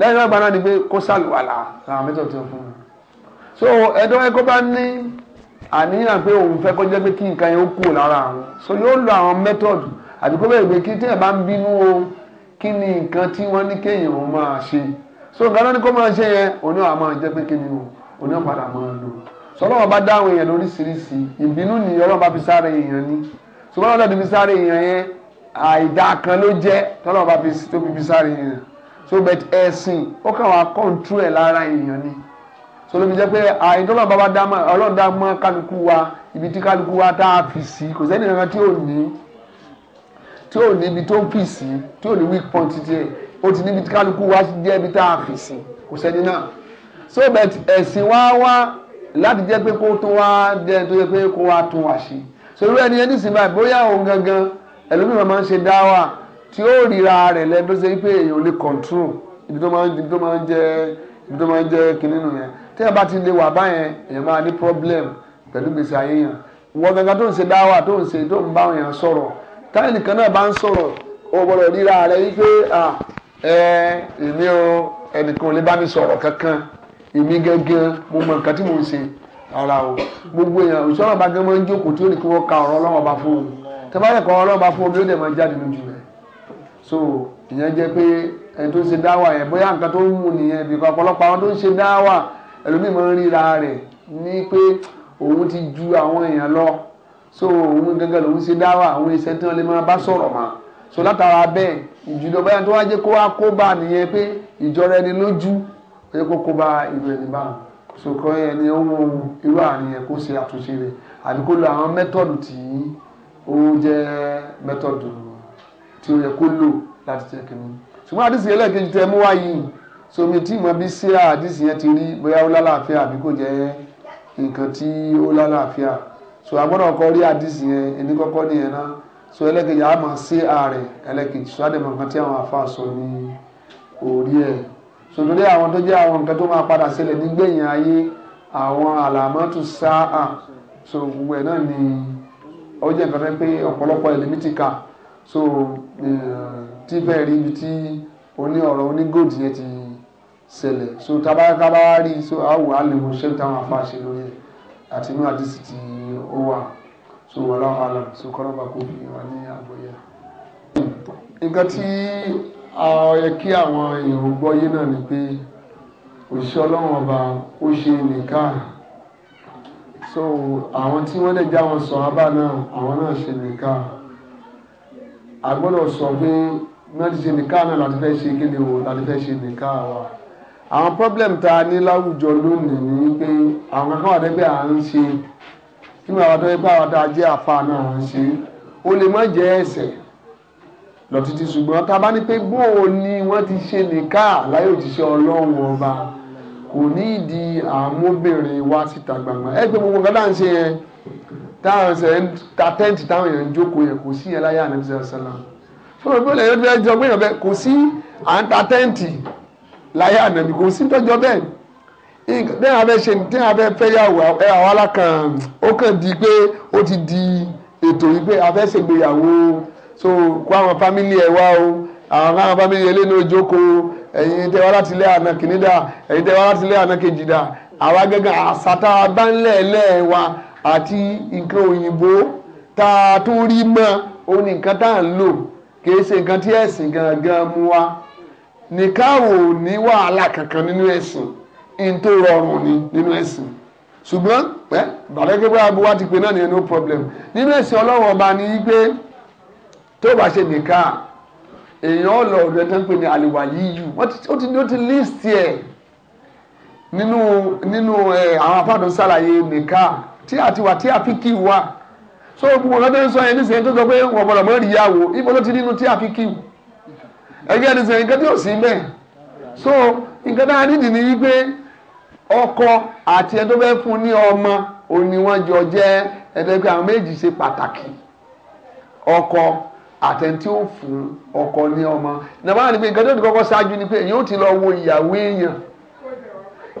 lẹ́yìn ọgbà náà ni pé kó sàlùwàlà làwọn mẹ́tọ̀ tó fún un so ẹ̀dọ́ ẹ̀kọ́ bá ní àníyàn pé òun fẹ́ kọjá pé kí nǹkan yẹn ó kúrò lára àwọn so yóò lo àwọn mẹ́tọ̀dù àti kó bẹ̀rẹ̀ pé kí tí ẹ̀ bá ń bínú o kí ni nǹkan tí wọ́n ní kéèyàn ó máa ṣe so nǹkan náà ni kó máa ṣe yẹn òní àwọn máa jẹ́ pé kí ni o òní àwọn padà máa lò sọlọ́wọ́ bá dá àwọn èèyàn lóríṣiríṣi ìbínú ni ọlọ́run Sobet but ẹ̀sìn ó kàn wá kọ́ńtú ẹ̀ lára èèyàn ni so ló fi jẹ́ pé àìdọ́lọ́ bàbá dámọ̀ ọlọ́run dámọ̀ kálukú wa ibi tí kálukú wa tá a fi sí kò sẹ́ni kankan tí ò ní tí ò ní ibi tó fi sí tí ò ní weak point ti ẹ̀ ó ti níbi tí kálukú wa jẹ́ ibi tá a fi sí kò sẹ́ni náà so but ẹ̀sìn wa wá láti jẹ́ pé kó tó wá jẹ́ tó yẹ pé kó wá tún wá ṣe so ẹni ẹni sìn báyìí bóyá òun gangan ẹlòmíràn máa ń ṣe dáwà tí ó ríra rẹ̀ lẹ́nu tó ṣe pé èèyàn ò lè control ibi tó máa ń ibi tó máa ń jẹ ibi tó máa ń jẹ kinní nù yẹn tí èèyàn bá ti lè wà báyẹn èèyàn máa ní problem pẹ̀lú gbèsè ayé yẹn wọ́n gangan tó ń ṣe dáwà tó ń ṣe tó ń bá èèyàn sọ̀rọ̀ táyà nìkan náà bá ń sọ̀rọ̀ o gbọ́dọ̀ ríra rẹ̀ wípé ẹ èmi o ẹnìkan ò lè bá mi sọ̀rọ̀ kankan èmi gangan mo mọ nǹkan tí mo ń ṣe ara o gbogbo èèyàn òṣèlú ọba gan máa ń jókòó tí ó ní kí wọ́n ka ọ̀rọ̀ ọlọ́wọ́ bá so ìyẹn jẹ́ pé ẹni tó ń ṣe dáwà yẹn bóyá nǹkan tó ń mú nìyẹn bí ọ̀pọ̀lọpọ̀ àwọn tó ń ṣe dáwà ẹlòmíì máa ń ríra rẹ̀ ní pé òun ti ju àwọn èèyàn lọ so òun gángan lòun ṣe dáwà àwọn iṣẹ́ tí wọ́n lè máa bá sọ̀rọ̀ mà so látara bẹ́ẹ̀ ìjùlọ bóyá tó wá jẹ́ kó wá kó bá nìyẹn pé ìjọra ẹni lójú pé kó kó bá ìlú ẹni bá so kọ́ ẹni ohun irú àníyàn kó ṣe àtúnṣe rẹ̀ tí ó yẹ kó lò láti jẹ́ kí ni. ṣùgbọ́n àdìsí ẹlẹ́ẹ̀kejì tẹ mú wá yìí somi tí mo bí sí àdìsí yẹn ti rí bóyá ó lálàáfíà àbí kò jẹ́ nǹkan tí ó lálàáfíà so agbọ́dọ̀ kọ́ rí àdìsí yẹn ẹni kọ́kọ́ nìyẹn náà so ẹlẹ́kejì á máa sí ààrẹ ẹlẹ́kejì so àdèmọ̀ nǹkan tí àwọn àfáà sọ ní orí ẹ̀ so torí àwọn tó jẹ́ àwọn nǹkan tó máa padà ṣẹlẹ̀ nígbẹ̀yìn ayé àwọn àlàmọ́tò sáà so gbogbo ẹ̀ náà ni ó jẹ́ nǹkan tó pé ọ̀pọ̀lọpọ̀ ẹ̀lẹ́mìtìkà so eh, tí bẹ́ẹ̀ rí ibi tí oní ọ̀rọ̀ oní gold yẹn ti ṣẹlẹ̀ so tábàtábà rí so àwò àlèwò ṣẹ́ táwọn afáṣe lórí ẹ̀ àti inú àdìsí tí ó wà so wọ́n láwọn àlà so kọ́nà bá kó fi wà ní àgbọ̀yẹ. nǹkan tí ọ̀yẹ kí àwọn èèyàn gbọ́yé náà ni pé òṣìṣẹ́ ọlọ́run ọba ó ṣe nìkan so àwọn tí wọ́n lè já wọn sọ abá náà àwọn náà ṣe nìkan a gbọ́dọ̀ sọ pé wọ́n ti ṣe nìkan náà láti fẹ́ ṣe kí ni láti fẹ́ ṣe nìkan wa àwọn problem tá a ní láwùjọ lónìí ni pé àwọn kankan wà dẹ́gbẹ́ à ń ṣe kí wọ́n àwọn tó yẹ àwọn tá a jẹ́ àfa náà à ń ṣe ó lè má jẹ́ ẹ̀ṣẹ̀ lọ títí ṣùgbọ́n tá a bá ní pé bóò ni wọ́n ti ṣe nìkan láyé òjíṣẹ́ ọlọ́run ọba kò ní ìdí àmúbìnrin wá síta gbangba ẹ gbogbo nǹkan ń ṣe yẹn táwọn ṣe ń ta tẹ́ǹtì táwọn èèyàn ń jókòó yẹn kò sí yẹn láyé ànábì sọ̀rọ̀ sọ̀rọ̀ fún mi bóyá ẹni jọ pé yẹn bẹ́ẹ̀ kò sí à ń ta tẹ́ǹtì láyé ànábì kò sí tọ́jọ́ bẹ́ẹ̀ tẹ́yìn abẹ́ ṣe tẹ́yìn abẹ́ fẹ́ yà wà àwọn alákan ó kàn di pé ó ti di ètò yìí pé abẹ́ ṣègbéyàwó so kó àwọn fámìlì ẹ̀ wá o àwọn káwọn fámìlì eléyìí ló jókòó ẹ̀yin tẹ́ wá láti ilé àná kìíní dà ẹ̀yin tẹ́ wá láti ilé àná kejì àwa gẹ́gẹ́ àṣàtà abánlẹ̀ ẹlẹ́ẹ̀ wa àti nǹkan òyìnbó tá a tún rí mọ́ òun ni nǹkan tá à ń lò kìí ṣe nǹkan tí ẹ̀sìn gangan mú wa nìkáwò ní wàhálà kankan nínú ẹ̀sìn n tó rọrùn ni nínú ẹ̀sìn ṣùgbọ́n ẹ bàlẹ́gẹ́ bá wá ti pè náà ní no problem nínú ẹ̀sìn ọlọ́run ọba ni wípé tó bá ṣe nìka èèyàn ọ̀lọ́ ọ̀dọ̀ tó ń ní àlùwà yíyù ó ti ó ti list ẹ̀ nínú nínú ẹ̀ àwọn apáàdùn sàlàyé nìka tí àti wà tí àfikì wà so gbogbo ọ̀gá tó ń sọ yẹn nísìnyẹn tó sọ pé wọ́n bọ̀dọ̀ mọ́ ìyàwó ibo ló ti nínú tí àfikì ẹgbẹ́ nísìnyẹn nǹkan tí ò sí mẹ́ so nǹkan náà nídìí ni wípé ọkọ àti ẹni tó fẹ́ fún ní ọmọ òní wọn jọ jẹ́ ẹ̀ẹ́dẹ́gbẹ́ àwọn méjì ṣe pàtàkì ọkọ àtẹ̀ntí ò fún ọkọ ní ọmọ nàbàlá ni pé nǹkan tó ti kọ́kọ́ ṣáájú ni pé èyí ó ti lọ wo ìyàwó èèyàn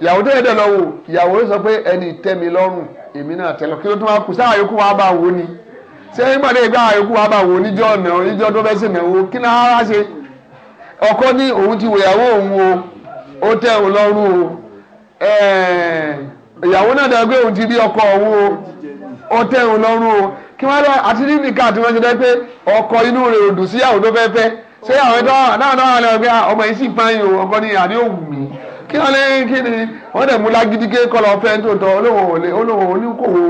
ìyàwó tó yẹ dẹ̀ lọ wò ìyàwó sọ pé ẹni tẹ́ mi lọ́rùn èmi náà tẹ́ lọ kí ló tún wá kù sáà yòókù wá bá wò ni ṣé nígbà tó yẹ pé àwọn yòókù wá bá wò níjọ́ ọ̀nà níjọ́ tó fẹ́ sìnàwó kí ni ara ṣe ọkọ ní òun ti wò ìyàwó òun o ó tẹ́ òun lọ́rùn o ìyàwó náà dẹ̀ pé òun ti rí ọkọ òun o ó tẹ́ òun lọ́rùn o kí wọ́n lọ àti ní nìkan àti wọ́n ṣe dẹ́ pé ọkọ inú rẹ̀ ò dùn síyàwó tó fẹ́ fẹ́ ṣé àwọn ẹ̀dọ́ náà náà lọ kí wọ́n lé kí ni wọ́n dẹ̀ mú lágídí ké kọ́ lọ fẹ́ tó tọ́ olóhùn òlé olóhùn oníkòwò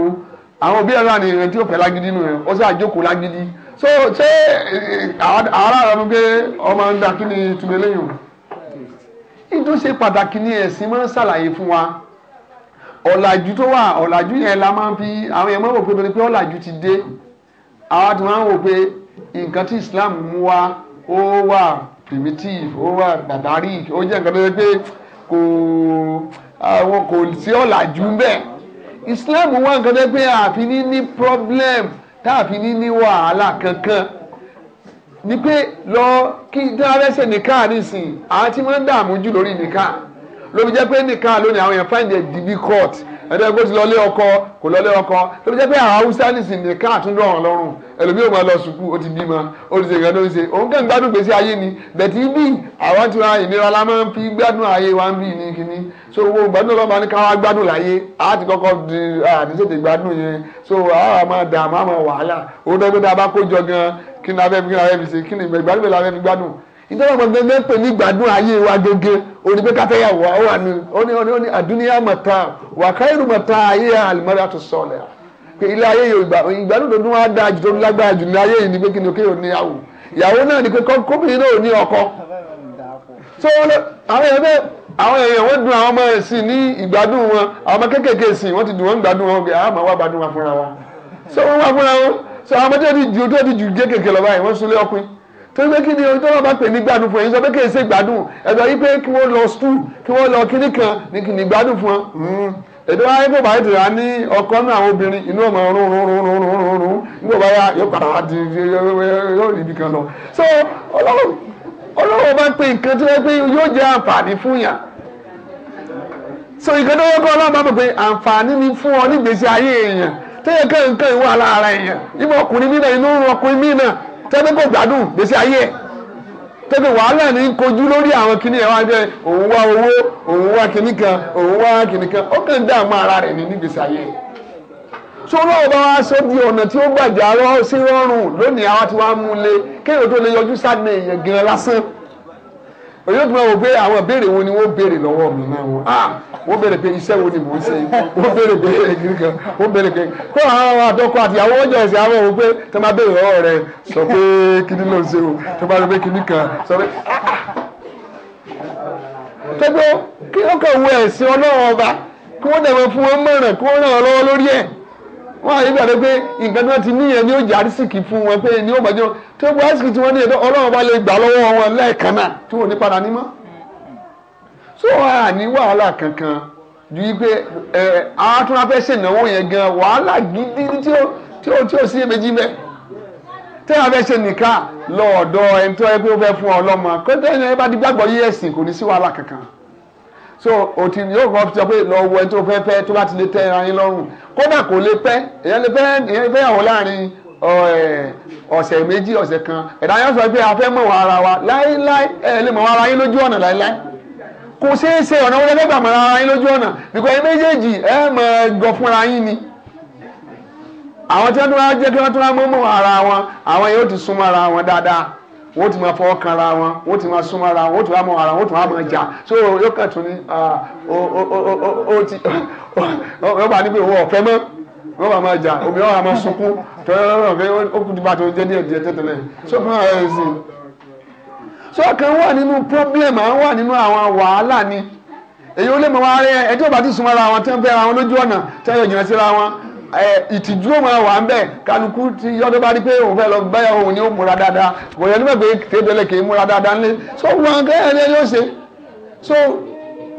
àwọn òbí ẹ̀rọ àníyàn tí ó fẹ́ lágídí nù ó sì àjókòó lágídí so ṣé àárá rẹ mú pé ọmọ ń da kí ni ìtumọ̀ eléyìí o ìdó ṣe pàtàkì ní ẹ̀sìn máa ń ṣàlàyé fún wa ọ̀làjú tó wà ọ̀làjú yẹn la máa ń fi àwọn ẹ̀mọ́ wò pé pé ọ̀làjú ti dé àwọn ti máa ń wò pé nǹkan tí Islam mú wa ó wà primitive ó wà barbaric ó jẹ́ nǹkan tó yẹ pé kò àwọn kò sí ọ̀làjú bẹ́ẹ̀ Islam wà nǹkan tẹ́ pé àfi ní ní problem táàfi ní ní wàhálà kankan ni pé lọ kí dáhàrẹ́sẹ̀ nìkan nísìn àwọn tí wọ́n ń dààmú jù lórí nìkan lóbi jẹ́ pé nìkan lónìí àwọn èèyàn find it difficult ẹ̀dẹ́gbẹ́ ti lọ lé ọkọ kò lọ lé ọkọ lóbi jẹ́ pé àwọn Haúsá nísìn nìkan àtúndọ̀ ọ̀rọ̀ lọ́rùn ẹlòmíì ò máa lọ sùkú ó ti bímọ ó ti ṣe nǹkan tó ń ṣe òun kàn gbádùn gbèsè ayé ni bẹ̀tì ibi àwọn tí wọn ìnira la máa ń fi gbádùn ayé wa ń bí ní kíní so owó gbádùn lọ́ba ní káwá gbádùn láyé á ti kọ́kọ́ di àdìsètè gbádùn yẹn so àwa máa dààmú àmọ́ wàhálà ó dẹ́gbẹ́ tá a bá kó jọ gan kí ni abẹ́ fi kí ni abẹ́ fi ṣe kí ni ìgbàdùn la fẹ́ fi gbádùn ìjọba àwọn gbẹgbẹ ń pè ní gbádùn ayé wa gẹ́gẹ́ onígbẹ́kátẹ́yàwó àwọn àmì ó ní àdúnyá mọ̀ta wàkàrù mọ̀ta ayé àlùmọ́rẹ́ àtúnṣọ́ọ̀lẹ́ ilé ayé yìí ìgbà ìgbàlódé wa dáa jù tó lágbára jù ní ayé yìí ni pé kí ni kéèyàn níyàwó ìyàwó náà ni pé kóbìnrin náà ò ní ọkọ so àwọn èèyàn bẹ́ẹ̀ àwọn èèyàn wọ́n dùn àwọn ọmọ ẹ̀ sí ní ìgbádùn wọn àwọn ọmọ kéékèèké sí wọ́n ti dùn wọ́n gbádùn wọn kì á máa wá gbádùn wọn fúnra wọn so wọ́n wá fúnra wọn so àwọn ọmọdé ti ju tó ti ju kéékèèké lọ báyìí wọ́n súnlé ọkùnrin torí pé kí ni ohun tó pè ní gbádùn fún ẹ̀yin sọ pé kì í ṣe gbádùn ẹ̀dọ̀ yìí pé kí wọ́n lọ skul kí wọ́n lọ kíní kan ní kì ní gbádùn fún wọn hmm. èdè wáyé bó bá ètò yà ní ọkọ náà àwọn obìnrin inú ọmọ rún rún rún rún rún rún nígbà ibi kan lọ so ọlọ́run bá pe nǹkan tí wọ́n yóò jẹ́ àǹfààní fún yàn so nǹkan tó wọ́n kọ́ ọ ayé èèyàn téèyàn wà lára èèyàn ìmọ̀ ọkùnrin mí náà inú ọkùnrin mí náà tóbi wàhálà ní kojú lórí àwọn kíní ẹ̀ wá jẹ́ òun wá owó òun wá kíní kan òun wá kíní kan ó kàn dààmú ara rẹ̀ ní nígbèsí ayé sọ́nà ọba wa sọ di ọ̀nà tí ó gbàjà rọ́ sí rọrùn lónìí àwa ti wá mú un lé kéèyàn tó lè yọjú sáà yóò tún bá wò pé àwọn ìbéèrè wo ni wọ́n béèrè lọ́wọ́ mi náà wọ́n ah wọ́n béèrè pé iṣẹ́ wo ni mò ń ṣe wọ́n béèrè pé kiri kan wọ́n béèrè pé kó àwọn àdọ́kọ àti àwọn ọjọ́ ẹ̀sìn àwọn òun pé tó máa béèrè lọ́wọ́ rẹ sọ pé kíní ló ń ṣe o tó máa sọ pé kíní kan sọ pé ah, ah tó gbọ́ kí wọ́n kàn wọ ẹ̀sìn ọlọ́run ọba kí wọ́n dẹ̀ mọ́ fún wọn mọ̀ràn kí wọ́n ràn án lọ́wọ́ lórí ẹ̀ wọ́n àyè gbàdé pé nǹkan náà ti níyẹn ni ó jẹ́ àrísìkì fún wọn pé ni ó mọ̀ jọ tó gbọ́ àrísìkì tí wọ́n níyẹn tó ọlọ́run bá lè gbà lọ́wọ́ wọn lẹ́ẹ̀kan náà tí wọ́n ní padà ní mọ́. so a ní wàhálà kankan ju wípé ẹ àtúnra fẹ́ ṣe ìnáwó yẹn gan wàhálà gidi tí ó tí ó tí ó sí èméjì mẹ́. tẹ́ a fẹ́ ṣe nìkan lọ́ọ̀dọ̀ ẹni tó yẹ pé ó fẹ́ fún ọ lọ́mọ kó tẹ́ so òtí yóò kọ́ sọ pé lọ wọ ẹni tó fẹ́ fẹ́ tó bá ti lè tẹ́ ara yín lọ́rùn kódà kò lè pẹ́ èèyàn lè fẹ́ èèyàn lè fẹ́ yàwó láàrin ọ̀sẹ̀ méjì ọ̀sẹ̀ kan ẹ̀dá yóò sọ pé a fẹ́ mọ̀ ara wa láéláé ẹ̀ lè mọ̀ ara yín lójú ọ̀nà láéláé kò ṣeé ṣe ọ̀nà wọlé fẹ́ gbà mọ̀ ara yín lójú ọ̀nà nìkan ẹ méjèèjì ẹ mọ̀ ẹ gọ fúnra yín ni àwọn tí wọ́n tún wá jẹ́ kí wọ́n tún wá mọ̀ ara wọn àwọn yóò ti súnmọ́ ara wọn dáadáa wọ́n ti máa fọwọ́ kan ra wọn wọ́n ti máa súnmọ́ wọn wọ́n ti máa mọ ara wọn wọ́n ti máa máa jà so yóò kàn tún ní ti bá níbi ọ̀fẹ́ mọ́ wọ́n bá máa jà máa sunkún ó kú tó jẹ́ díẹ̀ díẹ̀ so fún sí. so kan wà nínú problem à ń wà ni èyí ó lè mọ wá rẹ ẹjọ́ bá ti ìtìjú òun wà ń bẹ̀ kálukú ti yọ́dọ̀ bá rí pé òun fẹ́ lọ báyà òun ni ó múra dáadáa kò yẹ nígbà pé tẹ́tẹ́lẹ̀ kì í múra dáadáa ńlẹ̀ so wọn kẹ́hìn ẹ̀ yóò ṣe so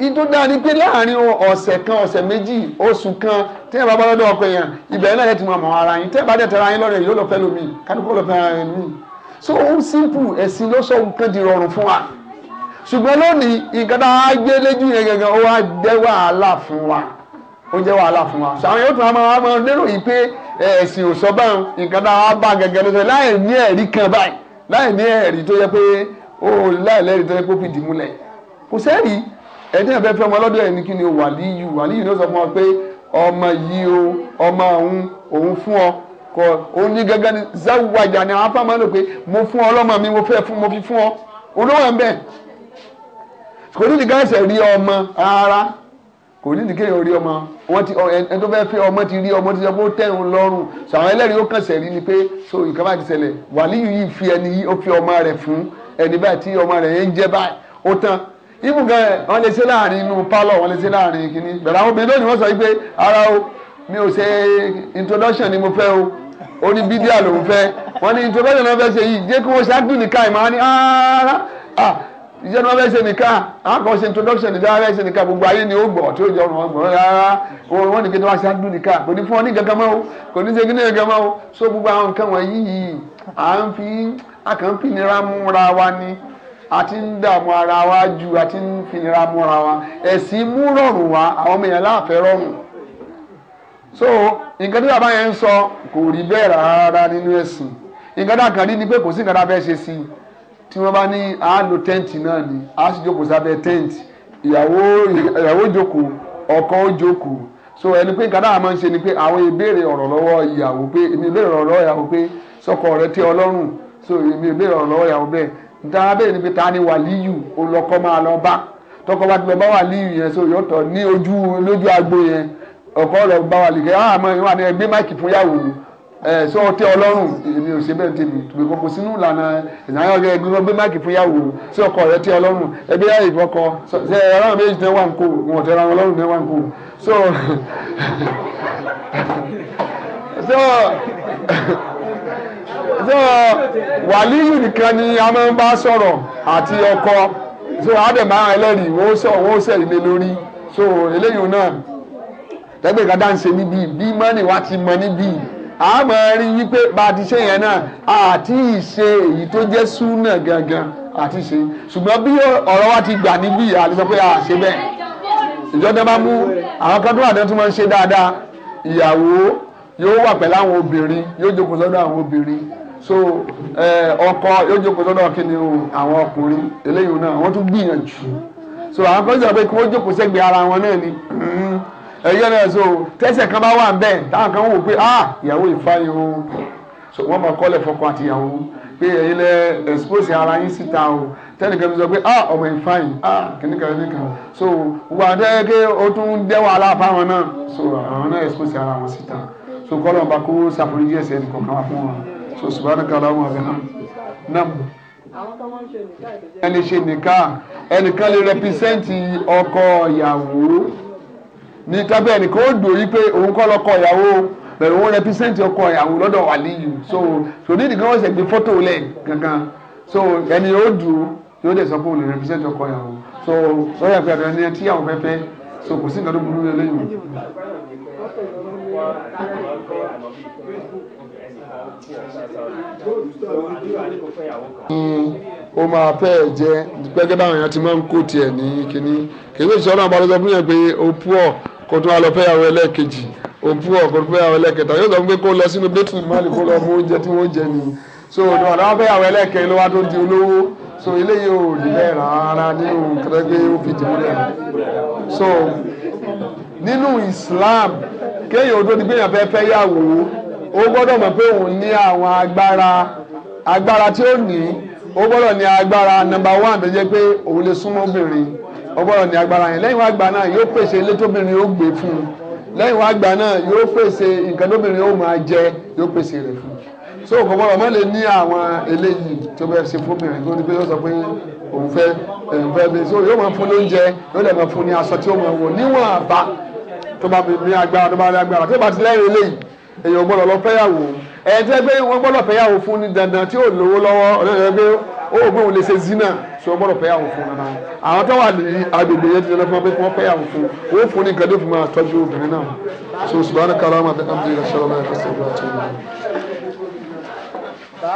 ìtò dáa ni pé láàrin ọ̀sẹ̀ kan ọ̀sẹ̀ méjì oṣù kan tí ẹ bá bá lọ́dọ̀ ọkọ yẹn ibẹ̀ náà yẹ ti mọ̀ àwọn ara yín tẹ́ bá dẹ̀ tẹ́ra yín lọ́rọ̀ yìí ló lọ fẹ́ lómi kálukú lọ fẹ́ ara yín lómi so ó simple ẹ̀sìn ló sọ nǹkan di rọrùn fún wa ṣùgbọ́n lónìí nǹkan tá a gbé lójú yẹn gẹ́gẹ́ ó wá jẹ́ wàhálà fún wa ó jẹ́ wàhálà fún wa ṣàwọn yóò tún àwọn ọmọ lérò yìí pé ẹ̀sìn ò sọ báyìí nǹkan tá a bá gẹ́gẹ́ ló sọ láì ní ẹ̀rí kan báyìí láì ní ẹ̀rí tó yẹ pé ó láì lẹ́rí tó yẹ pé ó fi dì múlẹ̀ kò sẹ́rí ẹ̀dín ẹ̀fẹ́ fẹ́ ọmọ ọlọ́dọ̀ ẹ̀ ní kí ni wàlíyù wàlíyù ló sọ fún ọ pé ọmọ yìí o ọmọ òun òun fún ọ kọ òun ní gẹ́gẹ́ ni záwùwájà ni àwọn afáàmọ́ lò pé mo fún ọ lọ́mọ mi mo fẹ́ fún mo fi fún ọ olówó ẹ̀ ń bẹ̀ kò ní ìdíkẹ́ ẹ̀sẹ̀ rí ọmọ rárá kò ní ìdíkẹ́ ẹ̀rí ọmọ wọ́n ti ẹni tó fẹ́ fẹ́ ọmọ ti rí ọmọ ti sọ pé ó tẹ̀hún lọ́rùn so àwọn ẹlẹ́rìí ó kàn sẹ̀rí ni pé so nǹkan bá ti ṣẹlẹ̀ wàlíyù yìí fi ẹni yìí ó fi ọmọ rẹ̀ fún ẹni báyìí tí ọmọ rẹ̀ yẹn ń jẹ́ báyìí ó tán ibù gan wọn lè ṣe láàrin inú pálọ̀ wọn lè ṣe láàrin kínní bẹ̀rẹ̀ àwọn obìnrin lónìí wọ́n sọ pé ara o mi ò ṣe introduction ni mo fẹ́ o ó ní bídíà lòún fẹ́ wọ́n ní introduction náà fẹ́ ṣe yìí jẹ́ kí wọ́n ṣáájú nìkan ìmọ̀ á ní rárá ah, ah, ah, iṣẹ́ ni wọ́n fẹ́ ṣe nìkan àkọ́ ṣe introduction nìkan wọ́n fẹ́ ṣe nìkan gbogbo ayé ni ó gbọ́ tí ó jọ ọ̀rùn ọgbọ̀n rárá òun wọ́n ní kí wọ́n ṣe á dún nìkan kò ní fún ọ ní kankan mọ́ o kò ní ṣe kí ní kankan mọ́ o so gbogbo àwọn nǹkan wọ̀nyí yìí à ń fi a kàn ń fi nira múra wa ni a ti ń dààmú ara wa ju a ti ń fi nira múra wa ẹ̀sìn mú rọrùn wa àwọn ọmọ èèyàn láàfẹ́ rọrùn so nǹkan tí bàbá yẹn ń sọ kò rí bẹ́ẹ̀ rárá nínú ẹ̀sìn nǹkan dàkàrí ni pé kò sí nǹkan tá a fẹ́ ṣe sí i tí wọ́n bá ní àádó tẹ́ǹtì náà ni a sì jókòó sábẹ́ tẹ́ǹtì ìyàwó jókòó ọkọ jókòó so ẹni pé nǹkan náà máa ń ṣe ni pé àwọn ìbéèrè ọ̀rọ̀ lọ́wọ́ ìyàwó pé èmi ìbéèrè ọ̀rọ̀ lọ́wọ́ ìyàwó pé sọkọ rẹ tẹ́ ọlọ́run so èmi ìbéèrè ọ̀rọ̀ lọ́wọ́ ìyàwó bẹ́ẹ̀ nítorí bẹ́ẹ̀ ni pé ta ni wàlíyù olọ́kọ́ máa lọ bá tọkọ bá ti lọ bá wàlíyù yẹn so yọ̀tọ̀ ní ojú lójú agbo yẹn ọkọ rẹ bá wàlíyù kẹ́ àwọn ah, àmọ́ ìwà ni ẹgbẹ́ máìkì fún yàwó ẹ sọ ọtẹ ọlọ́run èmi ò ṣe bẹ́ẹ̀ tèmi tùbí gbogbo sínú ìlànà ìnáyà ọjọ́ ẹgbẹ́ wọn gbé máàkì fún yàwó sí ọkọ rẹ tẹ ọlọ́run ẹgbẹ́ yà ìfọkọ ṣe ọlọ́run méjì tẹ wà ń kó wọn ọ̀tẹ̀ ra ọlọ́run tẹ wà ń kó so so so wàlíyù nìkan ni a máa ń bá sọ̀rọ̀ àti ọkọ so àdèmá ẹlẹ́rìí wọ́n sọ wọ́n sẹ̀ ilé lórí so eléyìí náà lẹ́gbẹ̀ẹ́ kan dá ń ṣe níbí bí mọ́nì wá ti mọ níbí a máa rí wípé bá a ti ṣe yẹn náà àti ìṣe èyí tó jẹ́ súnà gangan àti ṣe ṣùgbọ́n bí ọ̀rọ̀ wa ti gbà níbí àlùsọ pé a ṣe bẹ́ẹ̀ ìjọba bá mú àwọn kan tó wà dán tó máa ń ṣe dáadáa ìyàwó yóò wà pẹ̀lú àwọn obìnrin yóò jókòó sọ́dọ̀ àwọn obìnrin so ọkọ yóò jókòó sọ́dọ̀ kíni o àwọn ọkùnrin eléyìí náà wọ́n tún gbìyànjú so àwọn kan sọ pé kí wọ́n jókòó sẹ́gbẹ̀ẹ́ ara wọn náà ni hmm ẹ̀yẹ́ náà so tẹ́sẹ̀ kan bá wà ń bẹ̀ táwọn kan wò pé ah ìyàwó ìfáyé o so wọ́n máa kọ́lẹ̀ fọkàn àti ìyàwó pé ẹ̀yin lẹ expose ara yín síta o tẹ́nìkan mi sọ pé ah ọmọ ìfáyé ah kìnnìkan kìnnìkan so wà á dẹ́ pé o tún dẹ́ wàhálà fáwọn náà so àwọn náà expose ara wọn síta so kọ́lọ̀ bá kó ṣàforíjì ẹ̀ṣẹ̀ nìkan kan wá fún wọn so subhanaka Allahumma wa bihamdika ẹni ṣe nìkan ẹnìkan lè represent ọkọ ìyàwó ní tábẹ́ ẹnìkan ó dùn yí pé òun kọ́ lọ́kọ ìyàwó bẹ̀rẹ̀ òun represent ọkọ ìyàwó lọ́dọ̀ wàlíyù so so nídìí kan wọ́n ṣe gbé fọ́tò lẹ̀ gangan so ẹni ó dùn yóò dẹ̀ sọ pé òun lè represent ọkọ ìyàwó so lọ́yà pé àtàwọn ẹni tí ìyàwó fẹ́fẹ́ so kò sí nǹkan tó burú lé lẹ́yìn. Hmm, ó máa fẹ́ ẹ̀ jẹ́ gẹ́gẹ́ báwọn èèyàn ti máa ń kó tiẹ̀ ní kínní kì í ṣe ọ̀nà àbálòpọ̀ fún yẹn pé ó pọ̀ kó tún wá lọ fẹ́yàwó ẹlẹ́ẹ̀kejì òpú ọ̀ kó tún fẹ́yàwó ẹlẹ́ẹ̀kẹta yóò sọ pé kó lọ sínú bẹ́tùn ìmáàlì kó lọ mú oúnjẹ tí wọ́n jẹ ni so ọ̀dọ̀ àwọn fẹ́yàwó ẹlẹ́ẹ̀kẹrin ló wá tó di olówó so eléyìí ò rí bẹ́ẹ̀ rárá nínú kẹtẹ́gbẹ́ ó fi dìbò rẹ̀ so nínú Islam kéèyàn ó tó di gbéyàn fẹ́ fẹ́yàwó ó gbọ́dọ̀ mọ̀ pé òun ní àwọn agbára agbára tí ó ní ó gbọ́dọ̀ ní agbára number one tó jẹ́ pé òun lè súnmọ́ obìnrin ó gbọ́dọ̀ ní agbára yẹn lẹ́yìn wá gbà náà yóò pèsè ilé tóbìnrin ó gbé fún un lẹ́yìn wá gbà náà yóò pèsè nǹkan tóbìnrin ó máa jẹ yóò pèsè rẹ̀ fún un so kò gbọ́dọ̀ má lè ní àwọn eléyìí tó bẹ́ẹ̀ ṣe fóbìnrin tó ní pé yóò sọ pé òun fẹ́ òun fẹ́ bẹ́ẹ̀ so yóò máa fún lóúnjẹ yóò dẹ̀ máa fún ní aṣọ tí ó máa wọ̀ níwọ̀n àbá tó bá ní agbára tó bá ní agbára tó bá ti lẹ́yìn eléyìí èèyàn gbọ́dọ̀ lọ fẹ́yàwó ẹ̀ẹ́dẹ́gbẹ́ wọn gbọ́dọ̀ fẹ́yàwó fún ní dandan tí ò lówó lọ́wọ́ ọ̀dọ́ ó wò pé òun lè ṣe zina so ó gbọ́dọ̀ pẹ́yàwó fún nana àwọn tó wà ní agbègbè yẹn ti dẹ́lẹ́ fún wọn pé kí wọ́n pẹ́yàwó fún owó fún ní gàdé fún máa tọ́jú obìnrin náà so subhanahu wa ta'ala ma dẹ́kun bí ìrẹsẹ̀ ọlọ́yẹ̀ kọ́sẹ̀ ìgbà tó